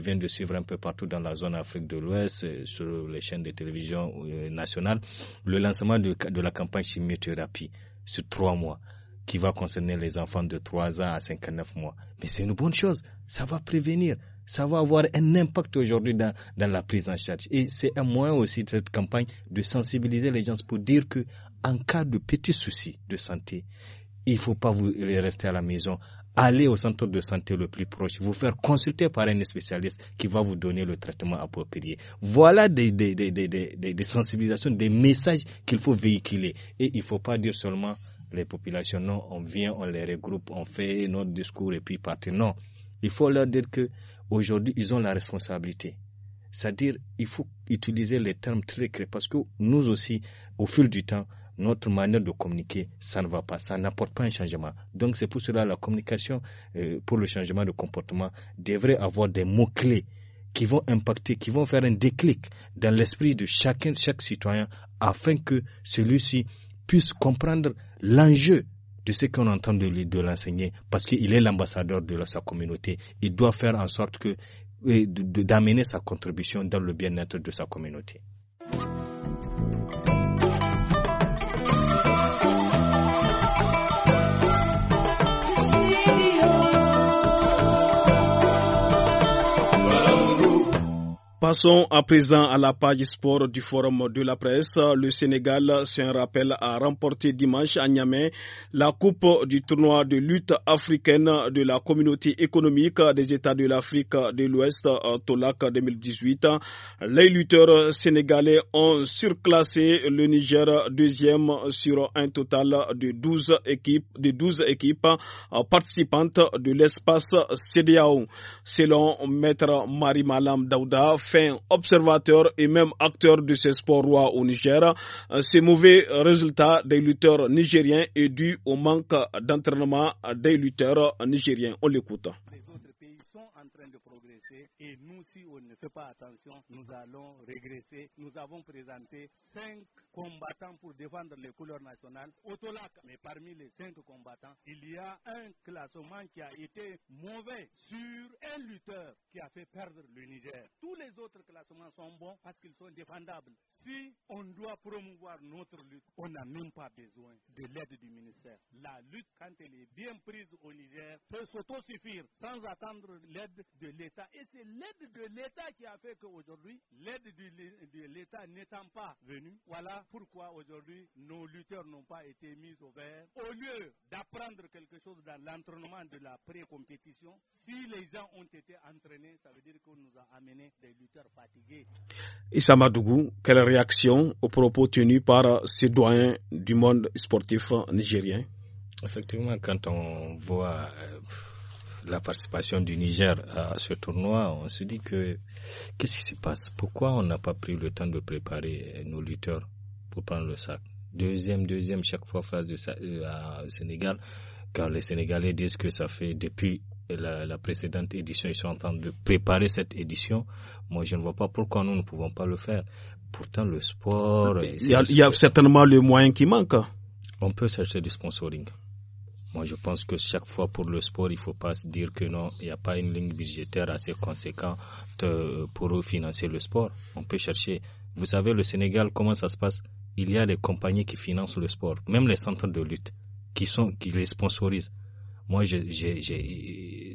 S3: viens de suivre un peu partout dans la zone Afrique de l'Ouest, euh, sur les chaînes de télévision euh, nationales, le lancement de, de la campagne chimiothérapie sur trois mois qui va concerner les enfants de 3 ans à 59 mois. Mais c'est une bonne chose, ça va prévenir, ça va avoir un impact aujourd'hui dans, dans, la prise en charge. Et c'est un moyen aussi de cette campagne de sensibiliser les gens pour dire que en cas de petits soucis de santé, il ne faut pas vous rester à la maison. aller au centre de santé le plus proche, vous faire consulter par un spécialiste qui va vous donner le traitement approprié. Voilà des, des, des, des sensibilisations, des messages qu'il faut véhiculer. Et il ne faut pas dire seulement les populations. Non, on vient, on les regroupe, on fait notre discours et puis partir. Non, il faut leur dire que aujourd'hui ils ont la responsabilité. C'est-à-dire, il faut utiliser les termes très clairs parce que nous aussi, au fil du temps, notre manière de communiquer, ça ne va pas, ça n'apporte pas un changement. Donc c'est pour cela la communication euh, pour le changement de comportement devrait avoir des mots-clés qui vont impacter, qui vont faire un déclic dans l'esprit de chacun, chaque citoyen, afin que celui-ci puisse comprendre l'enjeu de ce qu'on entend de, de l'enseigner, parce qu'il est l'ambassadeur de sa communauté. Il doit faire en sorte que d'amener sa contribution dans le bien-être de sa communauté.
S1: Passons à présent à la page sport du Forum de la presse. Le Sénégal, c'est un rappel, a remporté dimanche à Niamey la Coupe du tournoi de lutte africaine de la communauté économique des États de l'Afrique de l'Ouest, euh, Tolak 2018. Les lutteurs sénégalais ont surclassé le Niger deuxième sur un total de 12 équipes, de 12 équipes euh, participantes de l'espace CDAO. Selon Maître Marie-Malam Daouda, fin observateur et même acteur de ces sports roi au Niger. Ces mauvais résultats des lutteurs nigériens est dû au manque d'entraînement des lutteurs nigériens. On l'écoute
S3: en train de progresser et nous, si on ne fait pas attention, nous allons régresser. Nous avons présenté cinq combattants pour défendre les couleurs nationales Autolac. Mais parmi les cinq combattants, il y a un classement qui a été mauvais sur un lutteur qui a fait perdre le Niger. Tous les autres classements sont bons parce qu'ils sont défendables. Si on doit promouvoir notre lutte, on n'a même pas besoin de l'aide du ministère. La lutte, quand elle est bien prise au Niger, peut s'autosuffire sans attendre l'aide de l'État. Et c'est l'aide de l'État qui a fait qu'aujourd'hui, l'aide de l'État n'étant pas venue, voilà pourquoi aujourd'hui nos lutteurs n'ont pas été mis au vert. Au lieu d'apprendre quelque chose dans l'entraînement de la pré-compétition, si les gens ont été entraînés, ça veut dire qu'on nous a amené des
S1: lutteurs fatigués. Issa Madougou, quelle réaction aux propos tenus par ces doyens du monde sportif nigérien
S3: Effectivement, quand on voit. Euh, la participation du Niger à ce tournoi, on se dit que qu'est-ce qui se passe Pourquoi on n'a pas pris le temps de préparer nos lutteurs pour prendre le sac Deuxième, deuxième, chaque fois face de euh, Sénégal, car les Sénégalais disent que ça fait depuis la, précédente édition, ils sont en train de préparer cette édition. Moi, je ne vois pas pourquoi nous ne pouvons pas le faire. Pourtant, le sport... Il y a, il y
S1: a certainement le moyen qui manque. Hein.
S3: On peut chercher du sponsoring. Moi, je pense que chaque fois pour le sport, il ne faut pas se dire que non, il n'y a pas une ligne budgétaire assez conséquente euh, pour financer le sport. On peut chercher. Vous savez, le Sénégal, comment ça se passe Il y a des compagnies qui financent le sport, même les centres de lutte, qui, sont, qui les sponsorisent. Moi, si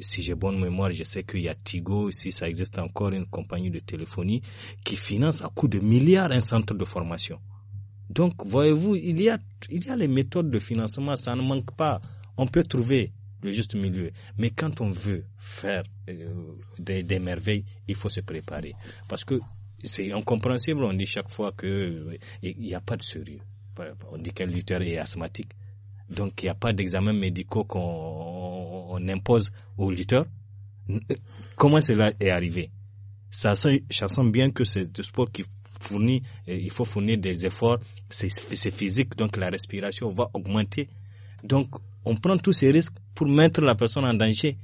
S3: j'ai bonne mémoire, je sais qu'il y a Tigo, si ça existe encore, une compagnie de téléphonie qui finance à coût de milliards un centre de formation. Donc, voyez-vous, il y, a, il y a les méthodes de financement, ça ne manque pas. On peut trouver le juste milieu. Mais quand on veut faire euh, des, merveilles, il faut se préparer. Parce que c'est incompréhensible, on dit chaque fois qu'il euh, n'y a pas de sérieux. On dit qu'un lutteur est asthmatique. Donc il n'y a pas d'examen médicaux qu'on impose au lutteur. Comment cela est arrivé ça sent bien que c'est le sport qui fournit, il faut fournir des efforts, c'est physique, donc la respiration va augmenter. Donc on prend tous ces risques pour mettre la personne en danger.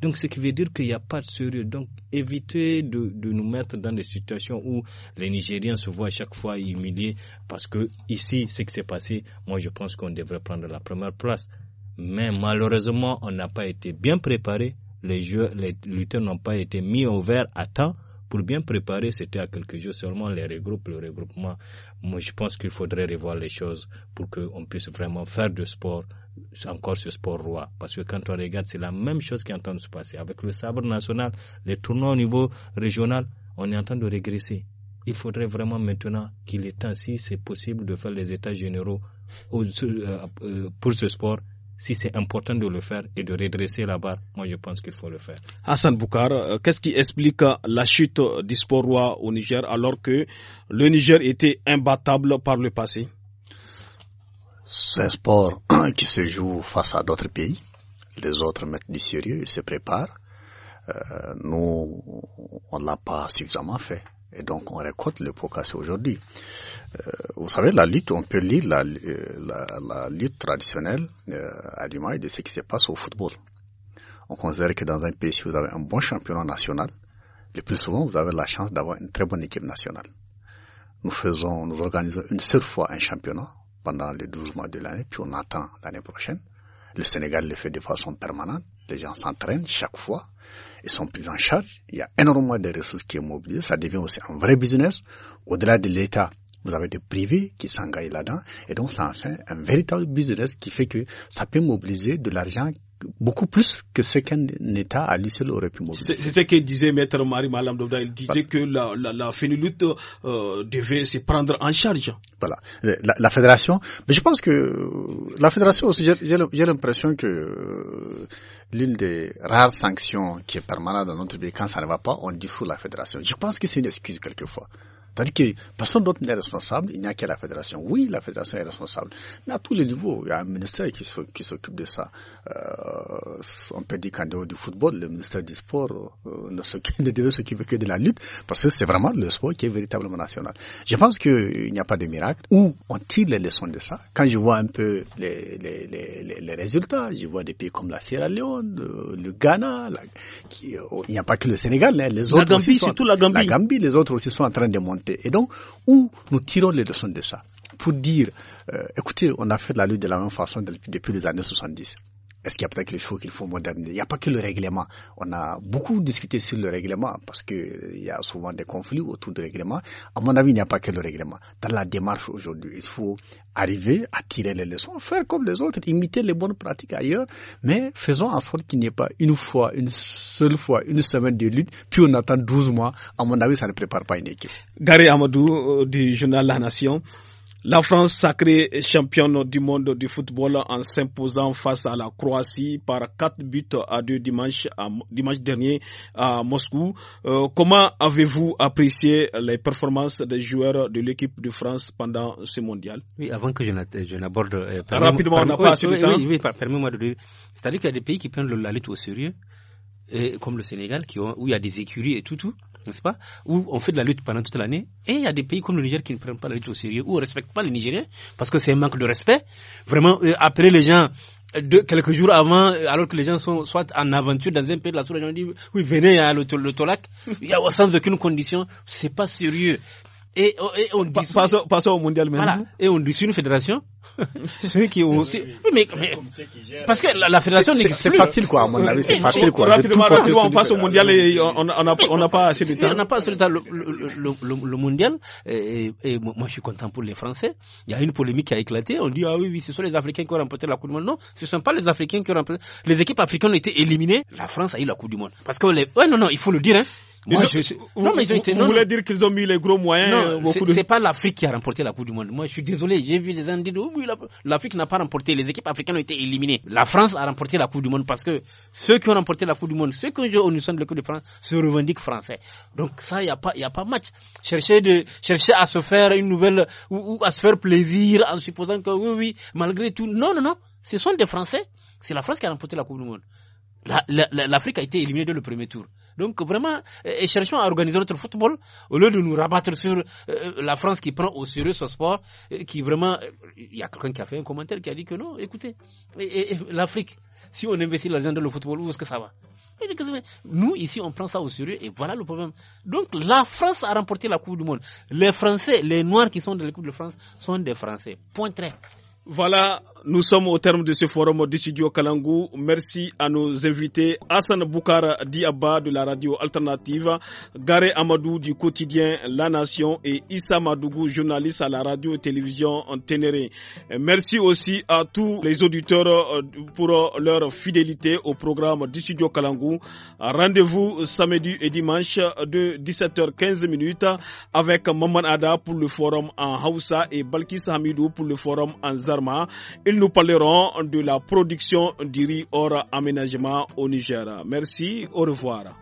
S3: Donc, ce qui veut dire qu'il n'y a pas de sérieux. Donc, évitez de, de, nous mettre dans des situations où les Nigériens se voient à chaque fois humiliés parce que ici, ce qui s'est passé, moi, je pense qu'on devrait prendre la première place. Mais malheureusement, on n'a pas été bien préparé. Les, jeux, les lutteurs n'ont pas été mis au vert à temps. Pour bien préparer, c'était à quelques jours seulement les regroupes, le regroupement. Moi, je pense qu'il faudrait revoir les choses pour qu'on puisse vraiment faire du sport encore ce sport roi. Parce que quand on regarde, c'est la même chose qui est en train de se passer. Avec le sabre national, les tournois au niveau régional, on est en train de régresser. Il faudrait vraiment maintenant qu'il est temps, si c'est possible, de faire les états généraux euh, euh, pour ce sport si c'est important de le faire et de redresser la barre, moi je pense qu'il faut le faire.
S1: Hassan Boukar, euh, qu'est-ce qui explique euh, la chute euh, du sport roi au Niger alors que le Niger était imbattable par le passé
S4: C'est un sport qui se joue face à d'autres pays. Les autres mettent du sérieux, ils se préparent. nous, on ne l'a pas suffisamment fait. Et donc on récolte le progrès aujourd'hui. Euh, vous savez, la lutte, on peut lire la, euh, la, la lutte traditionnelle euh, à l'image de ce qui se passe au football. On considère que dans un pays, si vous avez un bon championnat national, le plus souvent, vous avez la chance d'avoir une très bonne équipe nationale. Nous faisons, nous organisons une seule fois un championnat pendant les 12 mois de l'année, puis on attend l'année prochaine. Le Sénégal le fait de façon permanente. Les gens s'entraînent chaque fois et sont prises en charge. Il y a énormément de ressources qui sont mobilisées. Ça devient aussi un vrai business. Au-delà de l'État, vous avez des privés qui s'engagent là-dedans. Et donc, ça en fait un véritable business qui fait que ça peut mobiliser de l'argent beaucoup plus que ce qu'un État à lui seul aurait pu mobiliser.
S1: C'est ce que disait Maître Marie Malam Il disait que la, la, la euh, devait se prendre en charge.
S4: Voilà. Euh, la, la, fédération, mais je pense que euh, la fédération aussi, j'ai l'impression que l'une des rares sanctions qui est permanente dans notre pays, quand ça ne va pas, on dissout la fédération. Je pense que c'est une excuse quelquefois. C'est-à-dire que personne d'autre n'est responsable, il n'y a que la fédération. Oui, la fédération est responsable, mais à tous les niveaux, il y a un ministère qui s'occupe de ça. Euh, on peut dire qu'en dehors du football, le ministère du sport euh, ne, s'occupe que de la lutte, parce que c'est vraiment le sport qui est véritablement national. Je pense qu'il n'y a pas de miracle où on tire les leçons de ça. Quand je vois un peu les, les, les, résultats, je vois des pays comme la Sierra Leone, euh, le, Ghana, qui, euh, il n'y a pas que le Sénégal, hein, les autres la Gambie, surtout la Gambie. La Gambie, les autres aussi sont en train de monter et donc, où nous tirons les leçons de ça pour dire, euh, écoutez, on a fait la lutte de la même façon depuis, depuis les années 70. Est-ce qu'il y a peut-être quelque chose qu'il faut moderniser Il n'y a pas que le règlement. On a beaucoup discuté sur le règlement parce qu'il y a souvent des conflits autour du règlement. À mon avis, il n'y a pas que le règlement. Dans la démarche aujourd'hui, il faut arriver à tirer les leçons, faire comme les autres, imiter les bonnes pratiques ailleurs, mais faisons en sorte qu'il n'y ait pas une fois, une seule fois, une semaine de lutte, puis on attend 12 mois. À mon avis, ça ne prépare pas une équipe.
S1: Gary Amadou euh, du journal La Nation. La France sacrée championne du monde du football en s'imposant face à la Croatie par quatre buts à deux dimanche, dimanche dernier à Moscou. Euh, comment avez-vous apprécié les performances des joueurs de l'équipe de France pendant ce
S2: mondial Oui, avant que je n'aborde... Euh, Rapidement, on n'a pas de temps. Oui, moi de dire. C'est-à-dire qu'il y a des pays qui prennent la lutte au sérieux comme le Sénégal, qui où il y a des écuries et tout, tout n'est-ce pas Où on fait de la lutte pendant toute l'année. Et il y a des pays comme le Niger qui ne prennent pas la lutte au sérieux, où on ne respecte pas les Nigériens, parce que c'est un manque de respect. Vraiment, euh, après les gens, euh, de, quelques jours avant, euh, alors que les gens sont soit en aventure dans un pays de la sous-région, on dit oui, venez à hein, le, le, le Tolac, il y a au sens d'aucune condition, c'est pas sérieux. Oh, et, on dit passons, au mondial maintenant. Et on dissout une fédération. Ceux qui aussi. mais, parce que la, fédération C'est facile quoi, à mon avis, c'est facile quoi. on passe au mondial et on n'a pas assez de temps. On n'a pas assez de temps. Le, mondial, et, moi je suis content pour les Français. Il y a une polémique qui a éclaté. On dit, ah oui, oui, ce sont les Africains qui ont remporté la Coupe du Monde. Non, ce ne sont pas les Africains qui ont remporté. Les équipes africaines ont été éliminées. La France a eu la Coupe du Monde. Parce que les. Ouais, non, non, il faut le dire, hein non, mais ils ont dire qu'ils ont mis les gros moyens Non, euh, c'est pas l'Afrique qui a remporté la Coupe du Monde. Moi, je suis désolé. J'ai vu les gens dire oh l'Afrique n'a pas remporté. Les équipes africaines ont été éliminées. La France a remporté la Coupe du Monde parce que ceux qui ont remporté la Coupe du Monde, ceux qui ont joué au Nissan de Coupe de France, se revendiquent français. Donc ça, il n'y a pas, il a pas match. Chercher de, chercher à se faire une nouvelle ou à se faire plaisir en supposant que oui, oui, malgré tout. Non, non, non. Ce sont des Français. C'est la France qui a remporté la Coupe du Monde. L'Afrique a été éliminée dès le premier tour. Donc vraiment, euh, cherchons à organiser notre football au lieu de nous rabattre sur euh, la France qui prend au sérieux ce sport, euh, qui vraiment... Il y a quelqu'un qui a fait un commentaire qui a dit que non, écoutez, l'Afrique, si on investit l'argent dans le football, où est-ce que ça va Nous, ici, on prend ça au sérieux et voilà le problème. Donc la France a remporté la Coupe du Monde. Les Français, les Noirs qui sont dans l'équipe de France sont des Français. Point très.
S1: Voilà, nous sommes au terme de ce forum du studio Kalangou. Merci à nos invités Hassan Boukara Diaba de la radio alternative, Garé Amadou du quotidien La Nation et Issa Madougou, journaliste à la radio et télévision en Ténéré. Merci aussi à tous les auditeurs euh, pour euh, leur fidélité au programme du studio Kalangou. Rendez-vous samedi et dimanche de 17h15 avec Maman Ada pour le forum en Hausa et Balkis Hamidou pour le forum en Zarma nous parlerons de la production du riz hors aménagement au Niger. Merci, au revoir.